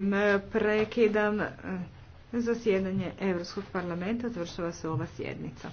E, Prekidam e, zasjedanje Europskog parlamenta, završava se ova sjednica.